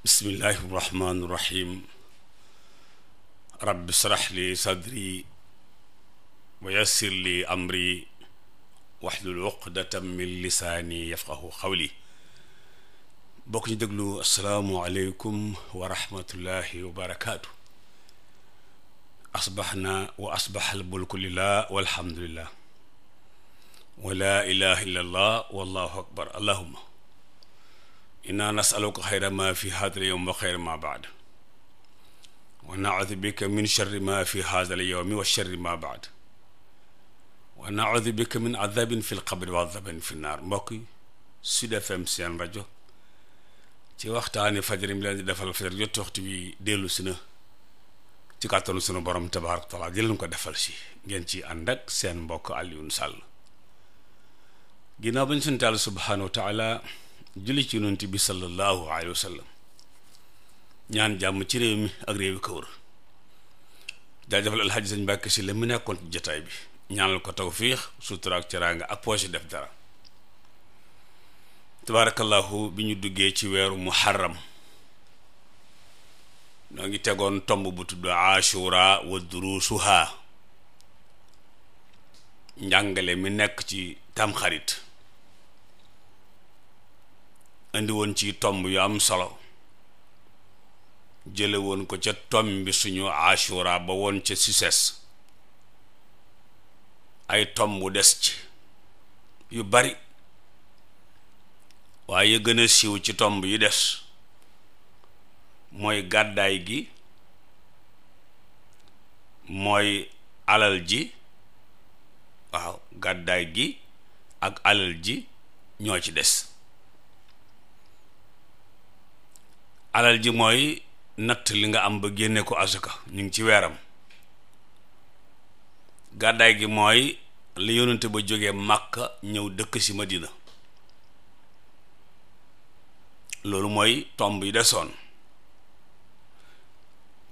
bismillahi irrahmani irrahim rabbi srax li sadri wa yassir li amri waxlul uqdatan min lisaani yafqahu xawli bokk ñu déglu asalaamu aleykum wa rahmatullahi wa barakaatu asbaxna wa asbaxal bulku lillah walhamdulillah wa laa ilaha illa allah wallahu akbar allahuma inna nasaluka xayra ma fi haadal yowm wa xayra ma baad wa naudu bika min sharri ma fi haadal yowmi wa sharri ma baad wa naudu bika min adabin fi lqabri wa adabin fi naar mbokk si FM seen rajo ci waxtaani fajar mi leen di defal jot waxtu bi dellu si na ci kàttanu sunu borom tabaaraka wa taala jëleen ko defal si ngeen ci ànd ak seen mbokk Alioune Sall ginnaaw ba ñu suñu taal subhaanahu wa taala julli ci yonent bi sallallahu alayhi wa ñaan jàmm ci réew mi ak réew yi ko wër jaajëfal alxaaji sëñ Mbàkke si la mu nekkoon ci jataay bi ñaanal ko tawfiix sutura ak teraanga ak poche def dara tabaarakallahu bi ñu duggee ci weeru muharram noo ngi tegoon tomb bu tudd ashura wa durusuha njàngale mi nekk ci tamxarit andi woon ci tomb yu am solo jële woon ko ca tomb bi suñu ashura ba woon ca Suisse ay tomb des ci yu bari waaye gën a siiw ci tomb yu des mooy gàddaay gi mooy alal ji waaw gàddaay gi ak alal ji ñoo ci des alal ji mooy natt li nga am ba génne ko asaka ñu ngi ci weeram gàddaay gi mooy li yonente ba jóge Màkka ñëw dëkk ci Madina loolu mooy tomb yi desoon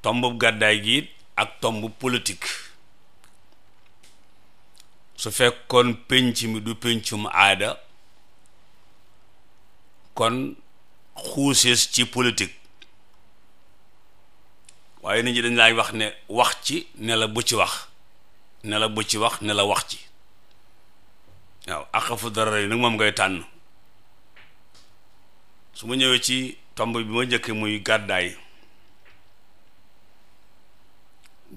tombu gàddaay gi ak tomb politik su fekkoon pénc mi du péncum aada kon xuusees ci politique waaye nit ñi dañ laay wax ne wax ci nela bu ci wax nela bu ci wax ne wax ci waaw aqafu dara yi nag moom ngay tànn su ma ñëwee ci tomb bi ma njëkk muy gàddaay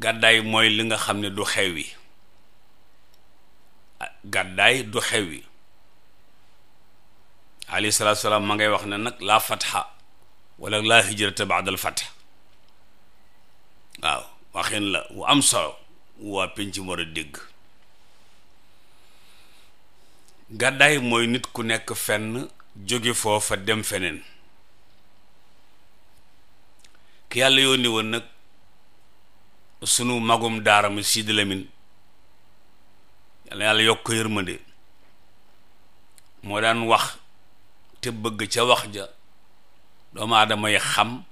gàddaay mooy li nga xam ne du xewwi gàddaay du xew wi alayhi salaam ma ngay wax ne nag laa fatxa wala laa hijrata baadal fatx waaw waxin la wu am solo waa penc mu dégg gàddaay mooy nit ku nekk fenn jóge foofa dem feneen ki yàlla yónni woon nag sunu magum daara mi yàlla yokk ko yërmande moo daan wax te bëgg ca wax ja doomu aadama yi xam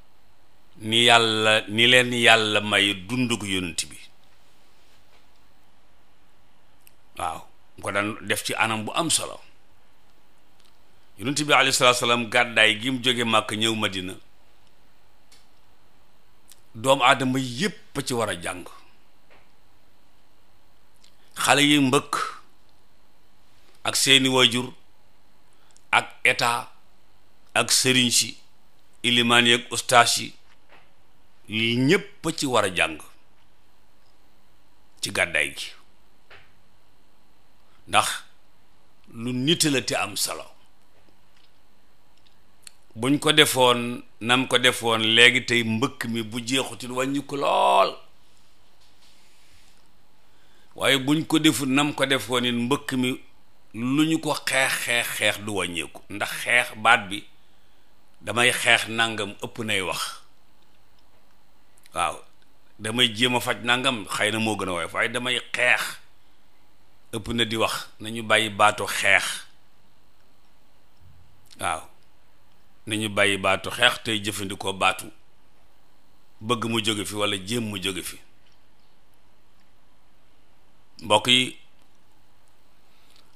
ni yàlla ni leen yàlla may dundug yonent bi waaw mu ko daan def ci anam bu am solo yonent bi alayhi salaatu salaam gàddaay gi mu jóge màkk ñëw ma madina doomu aadama yépp a ci war a jàng xale yi mbëkk ak seeni waajur ak état ak sëriñ si ilimaan yi ak ustaas yi ñépp ci war a jàng ci gàddaay gi ndax lu nit la te am solo buñ ko defoon nam ko defoon léegi tey mbëkk mi bu jeexutul wàññi ko lool waaye buñ ko deful nam ko defoon mbëkk mi lu ñu ko xeex xeex xeex du wàññeeku ndax xeex baat bi damay xeex nangam ëpp nay wax waaw damay jéem a faj nangam xëy na moo gën a woyof waaye damay xeex ëpp na di wax nañu bàyyi baatu xeex waaw nañu bàyyi baatu xeex tey jëfandikoo baatu bëgg mu jóge fi walla jéem mu jóge fi mbokk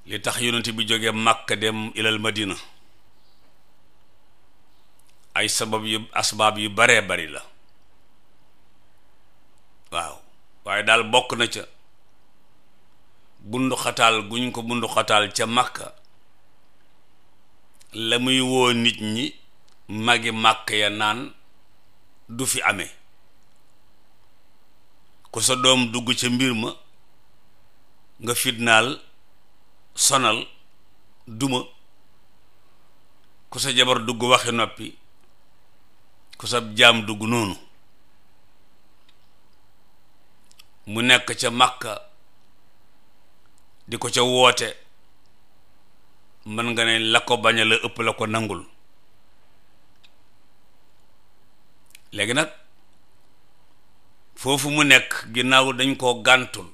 li tax yonent bi jógee Makka dem ilal Madina ay sabab yu asbaab yu baree bari la waaw waaye daal bokk na ca bundu gu guñ ko bundu ca Makka la muy woo nit ñi magi màkk ya naan du fi ame ku sa doom dugg ca mbir ma nga fitnaal sonal duma ku sa jabar dugg waxi noppi ku sa jaam dugg noonu mu nekk ca màkka di ko ca woote mën nga ne la ko bañ la ëpp la ko nangul léegi nag foofu mu nekk ginnaaw dañ koo gàntul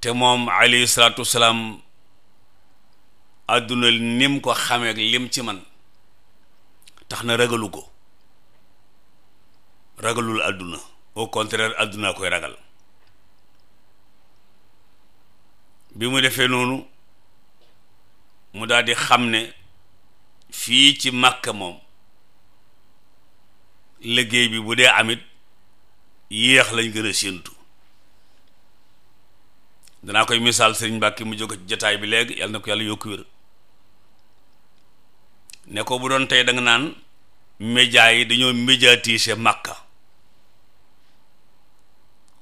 te moom alayhi salaatu wasalaam àdduna nim ko xamee lim ci man tax na ragalu ko ragalul àdduna au contraire àdduna koy ragal bi mu defee noonu mu daal di xam ne fii ci Makka moom liggéey bi bu dee amit yéex lañ gën a séentu danaa koy misaal sëriñ Mbàkke mu jóge ci jataay bi léegi yàlla na ko yàlla yokku wér ne ko bu doon tey danga naan média yi dañoo médiatiser Makka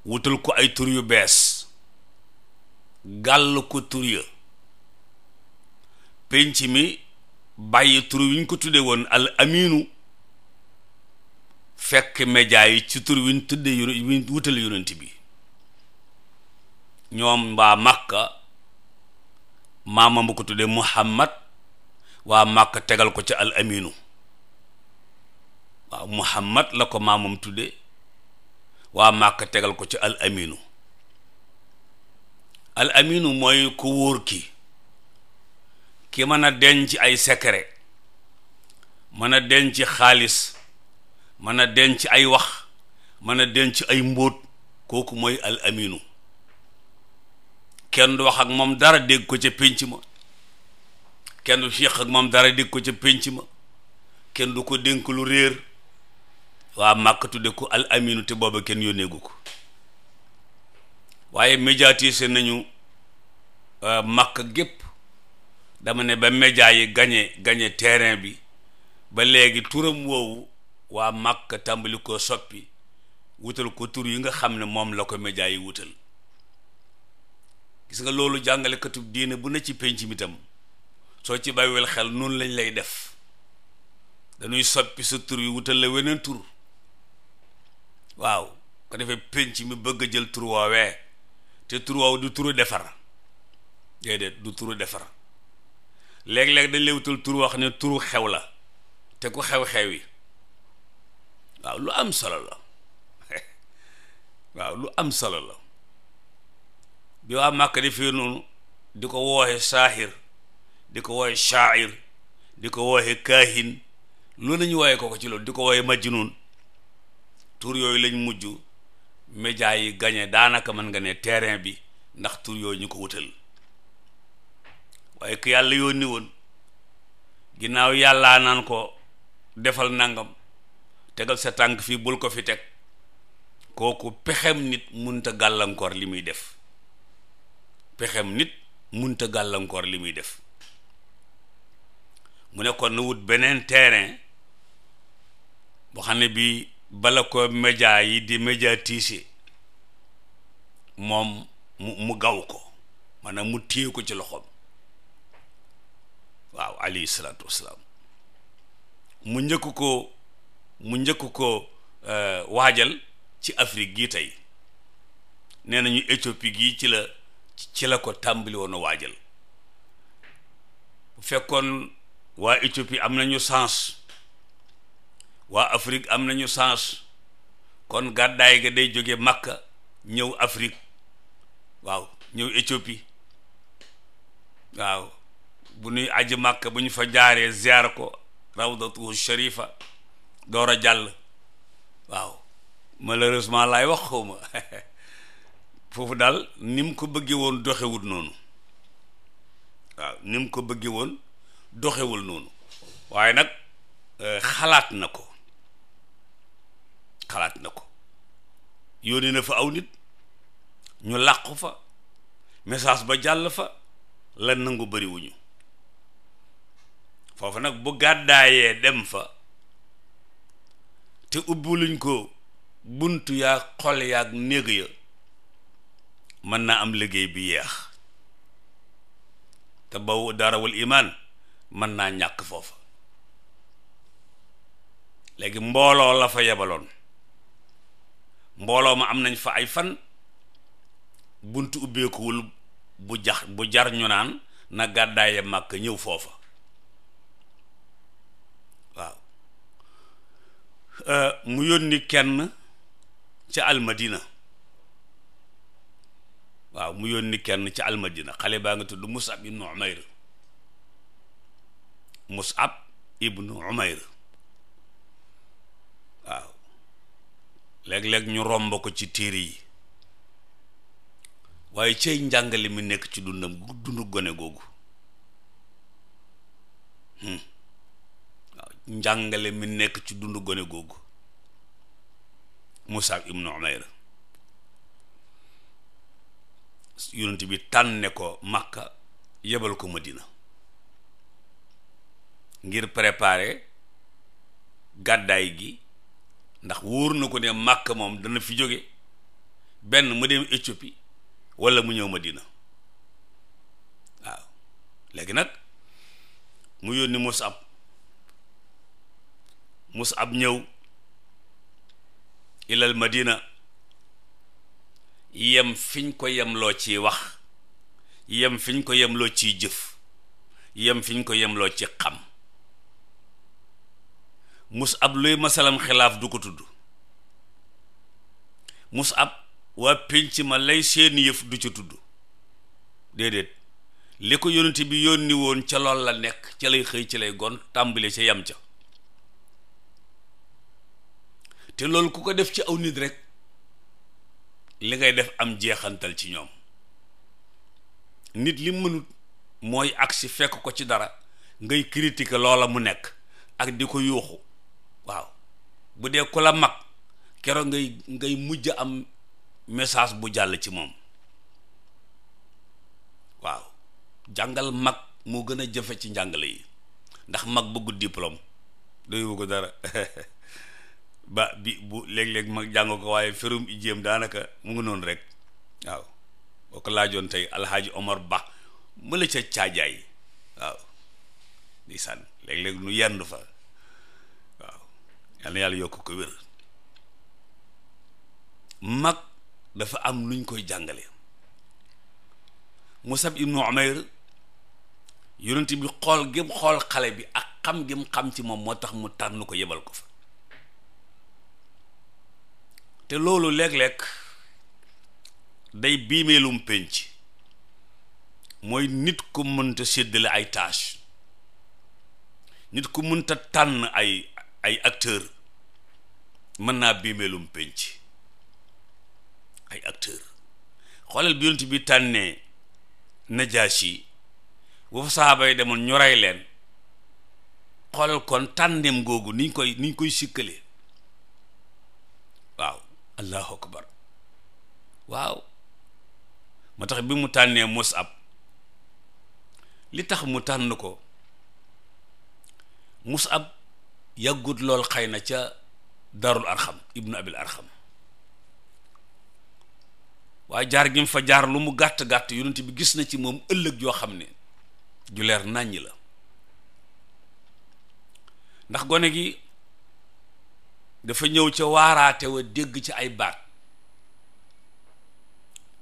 wutal ko ay tur yu bees gàll ko tur ya penc mi bàyyi tur wi ñu ko tudde woon al aminu fekk média yi ci tur wi ñu tudde yu wutale bi ñoom waa màkka maama bu ko tuddee muhammad waa màkka tegal ko ci al aminu waaw muhammad la ko maamam tuddee waa màkka ko ca al amiinu al aminu mooy ku wóor ki ki mën a denc ay secret mën a denc xaalis mën a denc ay wax mën a denc ay mbóot kooku mooy al aminu kenn du wax ak moom dara dégg ko ca pénc ma kenn du fiq ak moom dara dégg ko ca pénc ma kenn du ko dénk lu réer waa màkk tudde ko al aminu te booba kenn yónneegu ko waaye médiatiser nañu euh, màkk gépp dama ne ba média yi gañe gañe terrain bi ba léegi turam woowu waa màkk tàmbali koo soppi wutal ko tur yi nga xam ne moom la ko média yi wutal gis nga loolu jàngalekatub diine bu ne ci penc mi tam soo ci bàyyiwel xel noonu lañ lay def dañuy soppi sa tur yi wutal la weneen tur waaw ko defee penc mi bëgg a jël tur woowee te tur woowu du turu defar déedéet du turu defar léeg-léeg dañ lay wutal tur wax ne turu xew la te ku xew-xew yi waaw lu am solo la waaw lu am solo la bi waa màkk di fii noonu di ko wooxee saahir di ko wooxe shaair di ko wooxe kaahin lu nañu wooye ko ko ci loolu di ko wooxe majnuun tur yooyu lañ mujj média yi gañe daanaka mën nga ne terrain bi ndax tur yooyu ñu ko wutal waaye ki yàlla ni woon ginnaaw yàllaa naan ko defal nangam tegal sa tànk fii bul ko fi teg kooku pexem nit munta gàllankoor li muy def pexem nit munta gàllankoor li muy def mu nekkoon kon na wut beneen terrain boo xam ne bi bala ko média yi di médiatiser moom mu gaw ko maanaam mu téye ko ci loxoom waaw alayhi salaatu wasalaam mu njëkk ko mu njëkk ko euh, waajal ci Afrique gii tey nee nañu Éthiopie gii ci la ci la ko tàmbali woon a waajal bu fekkoon waa Éthiopie am nañu sens waa Afrique am nañu sens kon gàddaay ga day jóge màkk ñëw Afrique waaw ñëw Éthiopie waaw bu nuy aji màkk bu ñu fa jaaree ziar ko rawdatu sharifa door a jàll waaw malheureusement laay wax xaw foofu daal nim ko bëggee woon doxewul noonu waaw ni ko bëggee woon doxewul noonu waaye nag eh, xalaat na ko xalaat na ko yónnee na fa aw nit ñu làqu fa message ba jàll fa la nangu bariwuñu foofu nag bu gàddaayee dem fa te ubbiluñ ko bunt yaa xol yaag néeg ya mën naa am liggéey bi yeex te baw darawul imaan mën naa ñàkk foofa léegi mbooloo la fa yebaloon mbooloo ma am nañ fa ay fan bunt ubbeekuwul bu jax bu jar ñu naan na gàddaaye màkk ñëw foofa waaw mu yónni kenn ca almadina waaw mu yónni kenn ci almadina xale baa nga tudd musab ibnu umayr musab ibnu umayr waaw léeg-léeg ñu romb ko ci téere yi waaye cey njàngale mi nekk ci dundam gu dundu gone googu hmm. waaw njàngale mi nekk ci dundu gone googu musab ibnu umayr yonent bi tànne ko Makka yebal ko Madina ngir préparer gàddaay gi ndax wóor na ko ne màkk moom dana fi jóge benn mu dem Éthiopie walla mu ñëw Madina waaw léegi nag mu yónni Musab ab ñëw ilal Madina yem fiñ ko yemloo ci wax yem fiñ ko yemloo ciy jëf yem fiñ ko yemloo ci xam mus ab luy masalam xilaaf du ko tudd mus ab waa pénc ma lay seeni yëf du ca tudd déedéet li ko yónent bi yónniwoon ca lool la nekk ca lay xëy ci lay gon tàmbale ca yam ca te loolu ku ko def ci aw nit rekk li ngay def am jeexantal ci ñoom nit li mënut mooy agsi fekk ko ci dara ngay critiquer loola mu nekk ak di ko yuuxu waaw bu dee ku la mag keroog ngay ngay mujj am message bu jàll ci moom waaw jàngal mag moo gën a jafe ci njàngale yi ndax mag bëggul diplôme doyu ko dara ba bi bu léeg-léeg mag jàng ko waaye ferum ijéem daanaka mu ngi noonu rek waaw boo ko laajoon tey alxaaji Omar Ba mu la ca caajaay waaw di sànn léeg nu yendu fa waaw yal na yàlla yokk ko wér mag dafa am nuñ koy jàngale Musab ibnu Umayr yonent bi xool gém xool xale bi ak xam gém xam ci moom moo tax mu tànn ko yebal ko fa te loolu léeg lekk day biimeelum pénc mooy nit ku mënta séddale ay tâche nit ku mënta tànn ay ay acteur mën naa biimeelum pénc ay acteur xoolal bi yonent bi tànnee yi bu fa saaba yi demoon ñu leen xoolal kon tànneem googu niñ koy niñ koy sikkalee allahu akbar waaw moo tax bi mu tànnee Musab li tax mu tànn ko Musab yàggut lool xëy na ca darul arxam ibnu abil arxam waaye jaar gi mu fa jaar lu mu gàtt-gàtt yonent bi gis na ci moom ëllëg yoo xam ne ju leer nàññi la ndax gone gi dafa ñëw ca waaraate wa dégg ci ay baat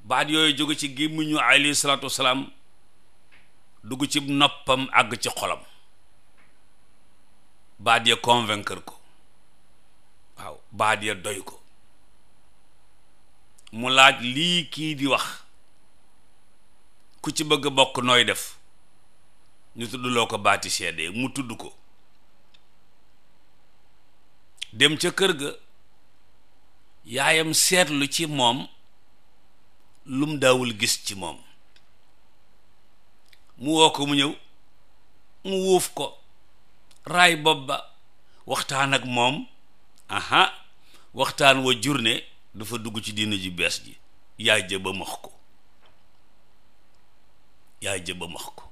baat yooyu jóge ci gémmiñu alayhi salaatu wasalaam dugg ci noppam àgg ci xolam baat ya convaincre ko waaw baat ya doy ko mu laaj lii kii di wax ku ci bëgg bokk nooy def ñu tudd loo ko baati seede mu tudd ko dem ca kër ga yaayam seetlu ci moom lum daawul gis ci moom mu woo ko mu ñëw mu wuuf ko raay bopp ba waxtaan ak moom aha waxtaan wa jurne dafa dugg ci diina ji bees ji yaay jë ba max ko yaay jë ba max ko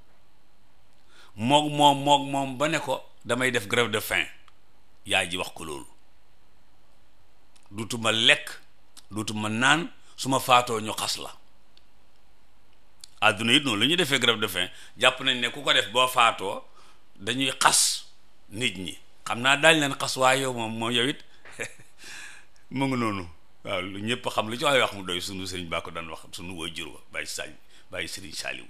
moog moom moog moom ba ne ko damay def grève de faim yaay ji wax ko loolu duutuma lekk duutuma naan su ma faatoo ñu xas la àdduna yit noonu lañuy defee grève de faim jàpp nañ ne ku ko def boo faatoo dañuy xas nit ñi xam naa daañ leen xas waaye moom moom yow it mu ngi noonu waaw lu ñëpp xam lu ci waaye wax mu doy sunu sëriñ baa ko daan wax sunu waajur wa bàyyi sañ bàyyi sëriñ saaliw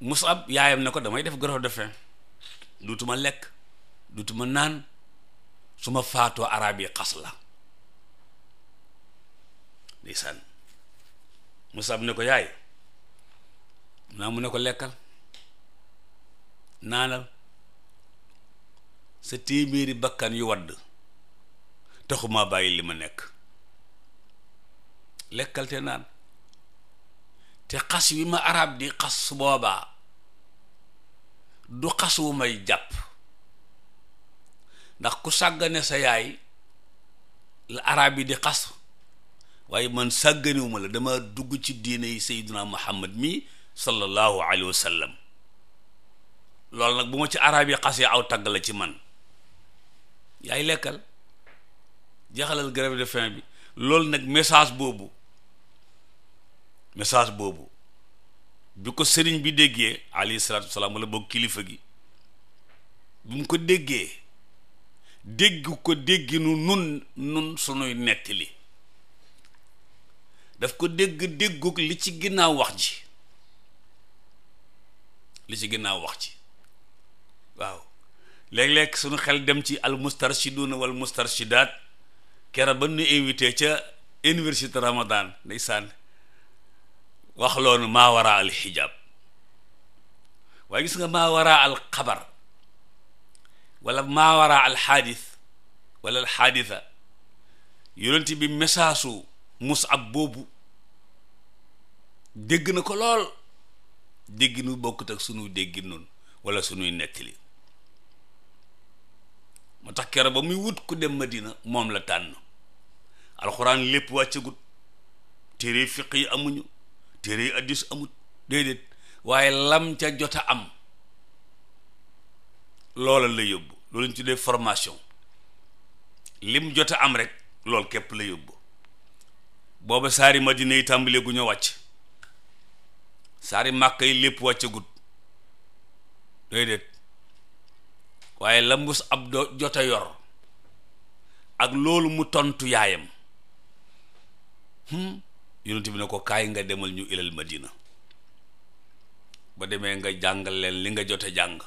Musab yaayam ne ko damay def grève de faim duutuma lekk duutuma naan su ma faatoo araab yi xas la ndeysaan Musab ne ko yaay naa mu ne ko lekkal naanal sa téeméeri bakkan yu wadd taxumaa bàyyi li ma nekk lekkal te naan te xas wi ma arab di xas su boobaa du xas wu may jàpp ndax ku sàggane sa yaay la arab yi di xas waaye man sàgganewuma la dama dugg ci diine yi sayyiduna muhammad mi sallallahu alayhi wa sallam loolu nag bu ma ci araab yi xasee aw tagg la ci man yaay lekkal jeexalal grève de faim bi loolu nag message boobu message boobu bi ko sëriñ bi déggee alayhi salaatu wasalaam wala boog kilifa gi bi mu ko déggee dégg ko dégginu nun nun sunuy nettali daf ko dégg déggu li ci ginnaaw wax ji li ci ginnaaw wax ji waaw léeg-léeg suñu xel dem ci al mustarshiduna wal mustarshidaat kera ba nu invité ca université ramadan ndeysaan waxloon maa wara al xijaab waaye gis nga maa wara al xabar wala maa wara alxaadis wala alxaadisa yonent bi message mus ab boobu dégg na ko lool dégg nu bokkut ak sunu déggi noonu wala sunuy nettali moo tax keroog ba muy wut ku dem Madina moom la tànn alxuraan lépp wàccagut téere fiq yi amuñu téere yi addis amut déedéet waaye lam ca jot a am loola la yóbbu loolu ñu tuddee formation lim jot a am rek loolu képp la yóbbu booba saari madina yi tàmbalee gu ñoo wàcc saari màkk yi lépp wàccagut déedéet waaye la mus ab do jot a yor ak loolu mu tontu yaayam hmm? yonent bi ne ko kaay nga demal ñu ilal madina ba demee nga jàngal leen li nga jot a jàng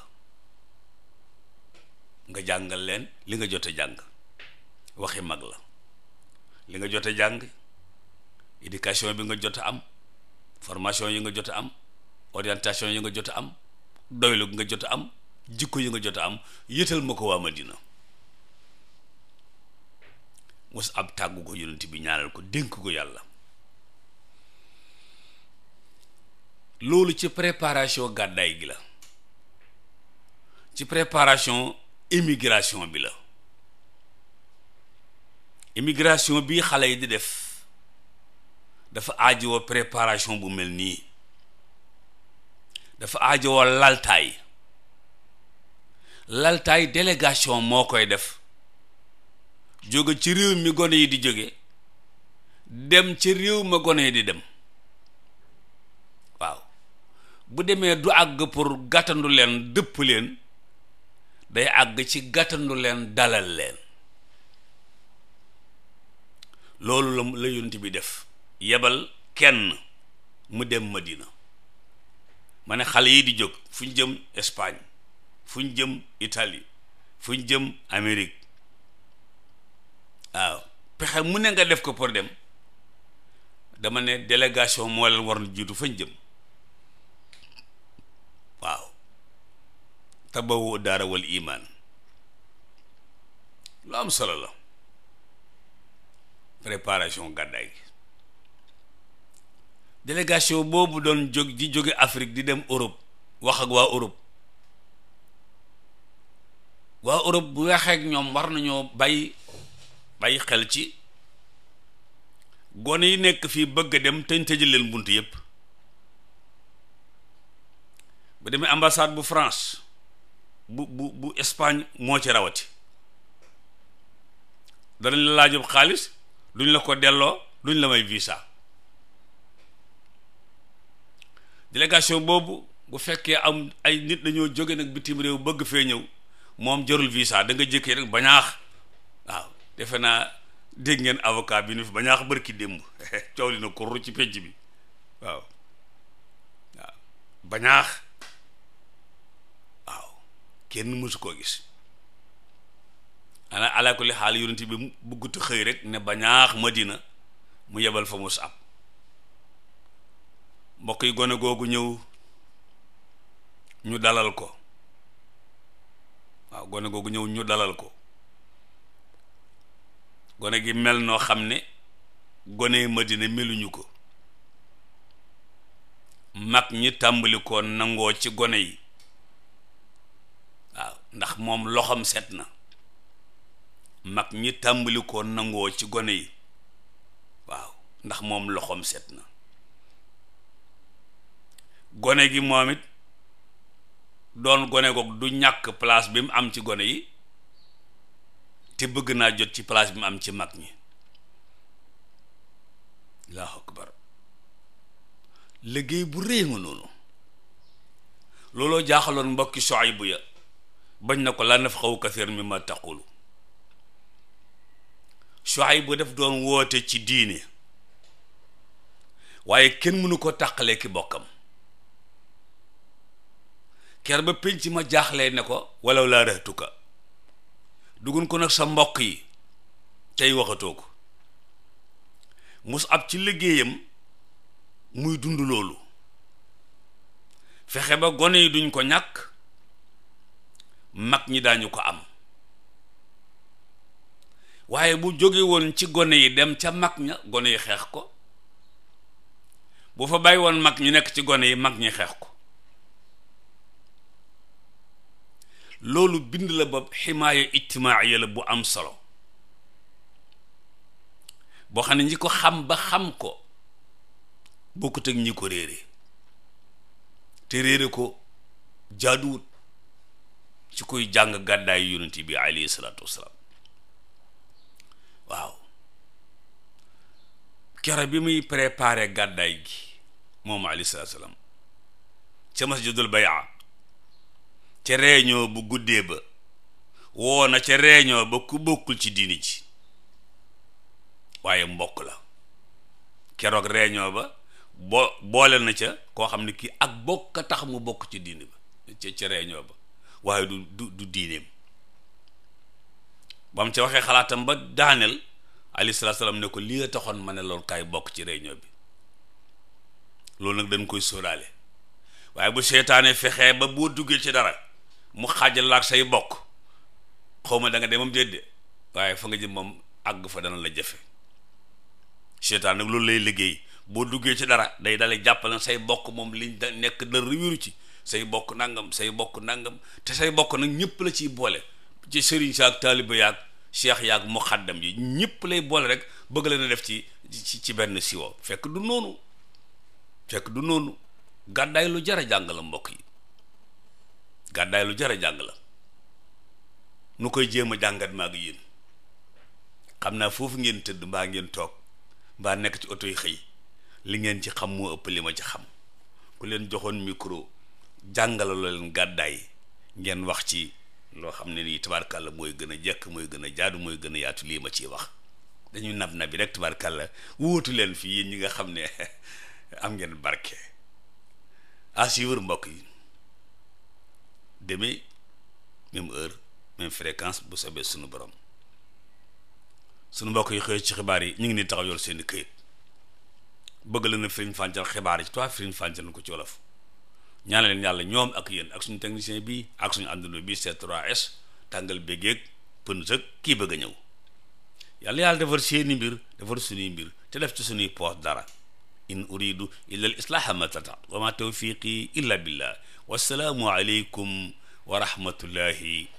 nga jàngal leen li nga jote jàng waxi mag la li nga jote jàng éducation bi nga jot a am formation yi nga jot am orientation yi nga jot am doylu nga jot am jikko yi nga jot a am yëtal ma ko waa Madina mos ab tàggu ko yonent bi ñaanal ko dénk ko yàlla loolu ci préparation gàddaay gi la ci préparation immigration bi la immigration bi xale yi di def dafa aajowoo préparation bu mel nii dafa aajowoo laltaay laltaay délégation moo koy def jóge ci réew mi gono yi di jóge dem ci réew ma gone yi di dem waaw bu demee du àgg pour gàttandu leen dëpp leen day àgg ci gàttandu leen dalal leen loolu la la yonent bi def yebal kenn mu dem Madina ma ne xale yi di jóg fu ñu jëm Espagne fu ñu jëm itali fu ñu jëm amerique waaw pexe mu ne nga def ko pour dem dama ne délégation moo leen war na jiitu fañ jëm tabawu daara wal iman lu am solo la préparation gàddaay gi délégation boobu doon jog di jóge Afrique di dem Europe wax ak waa Europe waa Europe bu waxee ak ñoom war nañoo bàyyi bàyyi xel ci gone yi nekk fii bëgg a dem teñ tëjal leen bunt yépp ba demee ambassade bu France bu bu bu Espagne moo ci rawati danañ la laajub xaalis duñ la ko delloo duñ la may visa délégation boobu bu fekkee am ay nit dañoo jóge nag bitim réew bëgg fee ñëw moom jarul visa da nga jëkkee rek bañaax waaw defe naa dégg ngeen avocat bi nu fi bañaax bërki démb coow li na kurru ci pénc bi waaw waaw bañaax kenn mësu koo gis ana ala kulli xaal yonent bi buggutu xëy rek ne bañaax madina mu yebal fa Musab mbokk yi gone googu ñëw ñu dalal ko waaw gone googu ñëw ñu dalal ko gone gi mel noo xam ne gone madina meluñu ko mag ñi tàmbali ko nangoo ci gone yi ndax moom loxam set na mag ñi tàmbali ko nangoo ci gone yi waaw ndax moom loxom set na gone gi moom it doon gone goog du ñàkk place bi mu am ci gone yi te bëgg naa jot ci place bi mu am ci mag ñi allahu akbar liggéey bu réy nga noonu looloo jaaxaloon mbokki bu ya bañ na ko laa nafqahu ma mimma taqulu Shuayb bu def doon woote ci diine waaye kenn mënu ko tàqalee ki bokkam ker ba pénc ma jaaxle ne ko walaw laa rëhtuka dugun ko nag sa mbokk yi tey waxatoo ko mus ab ci liggéeyam muy dund loolu fexe ba gone yi duñ ko ñàkk mag ñi daañu ko am waaye bu jógewoon ci gone yi dem ca mag ña gone yi xeex ko bu fa bàyyi woon mag ñu nekk ci gone yi mag ñi xeex ko loolu bind la ba ximaaya ijtimaaya la bu am solo boo xam ne ñi ko xam ba xam ko bokkut ak ñi ko réere te réere ko jaaduwut ci kuy jàng gàddaayu yonent bi alayhi salaatu wasalaam waaw kero bi muy préparé gàddaay gi moom alayhi salaatu wasalaam ca masjidul bayaa ca réunion bu guddee ba woo na ca réunion ba ku bokkul ci diini ji waaye mbokk la keroog réunion ba bo boole na ca koo xam ne kii ak bokk a tax mu bokk ci diini ba ca ca réunion ba waaye du du du diineem ba mu ci waxee xalaatam ba daaneel alayhi salaatu salaam ne ko lii la toxoon ma ne loolu kaay bokk ci réunion bi loolu nag dañ koy sóoraale waaye bu seetaanee fexee ba boo duggee ci dara mu xaajal la ak say bokk xaw ma danga nga dem moom déedéet waaye fa nga jëm moom àgg fa dana la jafe seetaan nag loolu lay liggéey boo duggee ci dara day dalee jàppale say bokk moom liñ da nekk dara wiiru ci say bokk nangam say bokk nangam te say bokk nag ñëpp la ciy boole ci sëriñ sa ak taaliba yaag cheikh yaag muxaddam yi ñëpp lay boole rek bëgg leen a def ci ci ci benn siwo fekk du noonu fekk du noonu gàddaay lu jar a jàng la mbokk yi gàddaay lu jar a jàng la nu koy jéem a jàngat maag yéen xam naa foofu ngeen tëdd mbaa ngeen toog mbaa nekk ci oto yi xëy li ngeen ci xam moo ëpp li ma ci xam ku leen joxoon micro jàngalaloo leen gàddaay ngeen wax ci loo xam ne nii tabarkàlla mooy gën a jekk mooy gën a jaadu mooy gën a yaatu lii ma ciy wax dañuy nab nabi rek tabarkàlla wóotu leen fii yéen ñi nga xam ne am ngeen barke à suivre mbokk yi deme même heure même fréquence bu soobee sunu borom sunu mbokk yi xëy ci xibaar yi ñu ngi ni taxaw yor seen i këyit bëgg la na firiñ fàncal xibaar yi ci toi firiñ fàncal ko ci wolof ñaana leen yàlla ñoom ak yéen ak suñu technicien bi ak suñu àndandoo bi C3S tàngal bégeeg kii bëgg a ñëw yàlla yàlla defar seeni mbir defar suñuy mbir te def ci suñuy poos dara in uridu illa al islaaha ma tata wa ma tawfiqi illa billah wassalaamu aleykum wa rahmatullahi